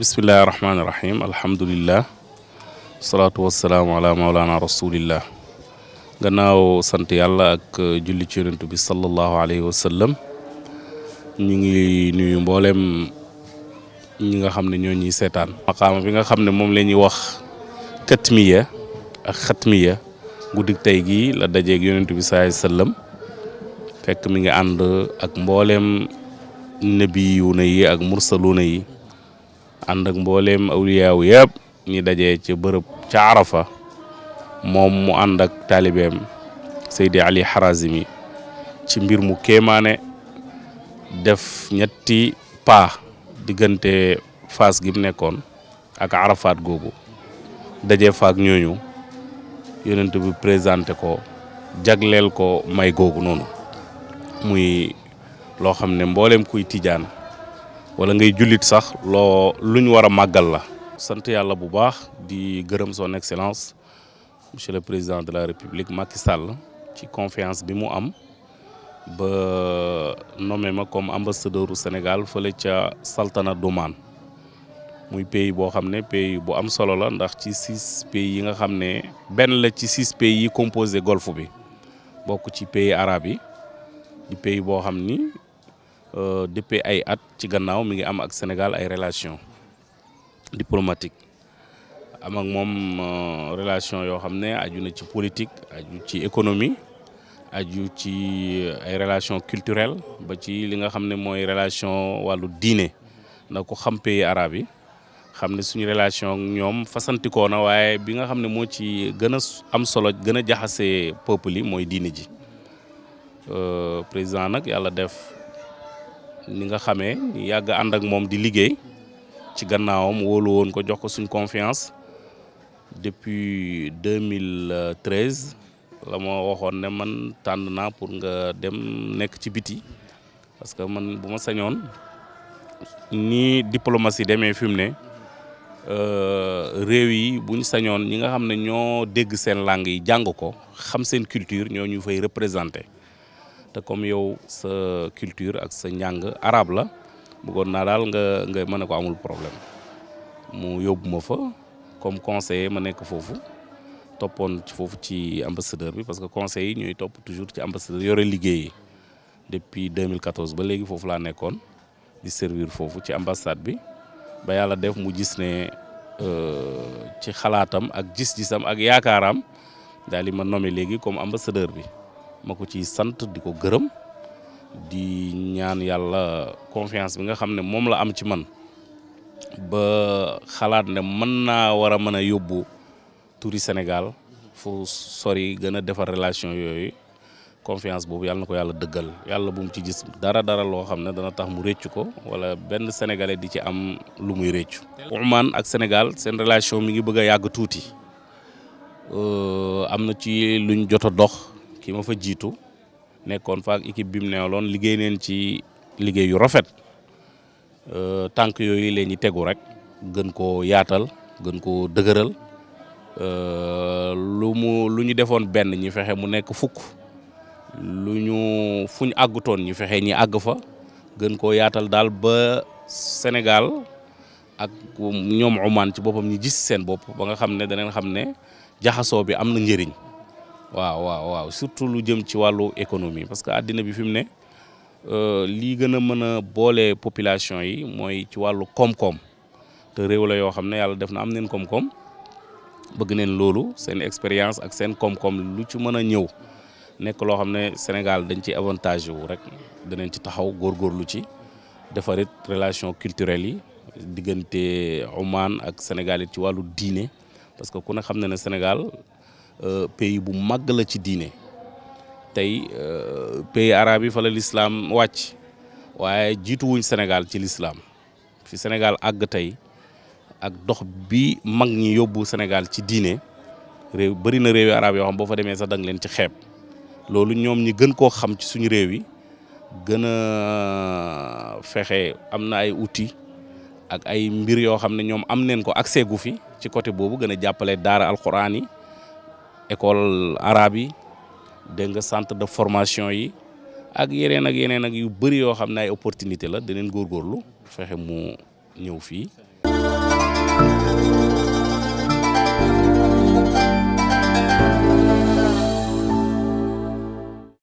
bismillahi rahmaani rahim alhamdulillah salaatu wasalaamu ala maulana rasulillah gannaaw sant yàlla ak julli ci yonent bi sallallahu alayhi wa sallam ñu ngi nuyu mboolem ñi nga xam ne ñoo ñuy seetaan maqaama bi nga xam ne moom la ñuy wax katmiya ak xatmiya guddik tey gii la dajeeg yonent bi sallallahu alayhi fekk mi ngi ànd ak mboolem nabiyuuna yi ak mursaluuna yi ànd ak mbooleem awliyaawu yëpp ñi daje ci bërëb ca Arafa moom mu ànd ak taalibeem Seydi Ali Harazimi ci mbir mu kéemaane def ñetti paa diggante fas gi nekkoon ak arafaat googu daje faak ñooñu yonent bu présenté ko jagleel ko may googu noonu muy loo xam ne mbooleem kuy tijaan wala ngay jullit sax loo lu ñu war a màggal la. sant yàlla bu baax di gërëm son excellence monsieur le président de la république Macky Sall ci confiance bi mu am ba nommé ma comme ambassadeur u Sénégal fële ca Saltanat d'Oman muy pays boo xam ne pays bu am solo la ndax ci six pays yi nga xam ne benn la ci six pays yi composé golfe bi bokk ci pays arabe yi di pays boo xam ni. Euh, depuis ay at ci gannaaw mi ngi am ak Sénégal ay relation diplomatique am ak moom euh, relation yoo xam ne aju na ci politique aju ci économie aju ci euh, ay relation culturelle ba ci li nga xam ne mooy relation wàllu diine ndax ko xam pays arabe yi xam ne suñu relation ak ñoom fasantikoo na waaye bi nga xam ne moo ci gën a am solo gën a jaxasee peuple yi mooy diine ji président nag yàlla def ni nga xamee yàgg ànd ak moom di liggéey ci gannaawam wóolu woon ko jox ko suñ confiance depuis mille treize ma waxoon ne man tànn naa pour nga dem nekk ci biti parce que man bu ma sañoon ni diplomatie demee fi mu ne euh, réew yi buñ sañoon ñi nga xam ne ñoo dégg seen langue yi jàng ko xam seen culture ñoo ñu fay représenté te comme yow sa culture ak sa njàng araab la bëggoon naa daal nga nga mën a ko amul problème mu yóbbu ma fa comme conseiller ma nekk foofu toppoon foofu ci ambassadeur bi parce que conseil yi ñooy topp toujours ci ambassadeur yore liggéey yi depuis 2014 ba léegi foofu laa nekkoon di servir foofu ci ambassade bi ba yàlla def mu gis ne euh, ci xalaatam ak jis gisam ak yaakaaraam daal di ma nommé léegi comme ambassadeur bi ma ko ciy sant di ko gërëm di ñaan yàlla confiance bi nga xam ne moom la am ci man ba xalaat ne mën naa war a mën a yóbbu turi Sénégal fu sori gën a defar relation yooyu confiance boobu yàlla na ko yàlla dëggal yàlla bu mu ci gis dara dara loo xam ne dana tax mu réccu ko wala benn sénégalais di ci am lu muy réccu. Oman ak Sénégal seen relation mi ngi bëgg yàgg tuuti euh, am na ci luñ jot a dox. ki ma fa jiitu nekkoon fa ak équipe bi mu neewloon liggéey neen ci liggéey yu rafet euh, tànk yooyu leen ñi tegu rek gën koo yaatal gën koo dëgëral euh, lu mu lu ñu defoon benn ñi fexe mu nekk fukk lu ñu fu ñu àggutoon ñi fexe ñi àgg fa gën koo yaatal daal ba Sénégal ak ñoom Oman ci boppam ñi gis seen bopp ba nga xam ne daneen xam ne jaxasoo bi am na njëriñ waaw waaw waaw surtout lu jëm ci wàllu économie parce que addina bi fi mu ne euh, lii gën a mën a boole population yi mooy ci wàllu koom-koom te réew la yoo xam ne yàlla def na am neen koom-koom bëgg neen loolu seen expérience ak seen koom-koom lu ci mën a ñëw nekk loo xam ne Sénégal dañ ci avantage wu rek danañ ci taxaw lu ci defarit relation culturelle yi diggante Oman ak Sénégal it ci wàllu diine parce que ku ne xam ne na Sénégal Euh, pays bu màgg la ci diine tey euh, pays arabe yi fa la lislaam wàcc waaye jiituwuñ senegal ci lislaam fi senegal àgg tey ak dox bi mag ñi yóbbu senegal ci diine réew bëri na réewi arabe yoo xam boo fa demee sa dang leen ci xeeb loolu ñoom ñi gën koo xam ci suñu réew yi gën a fexe am na ay outils ak ay mbir yoo xam ne ñoom am neen ko accès gu fi ci côté boobu gën a jàppale daara alquran yi école arabe yi dégg nga centre de formation yi ak yeneen ak yeneen ak yu bëri yoo xam ne ay opportunité la dinañ góorgóorlu fexe mu ñëw fii.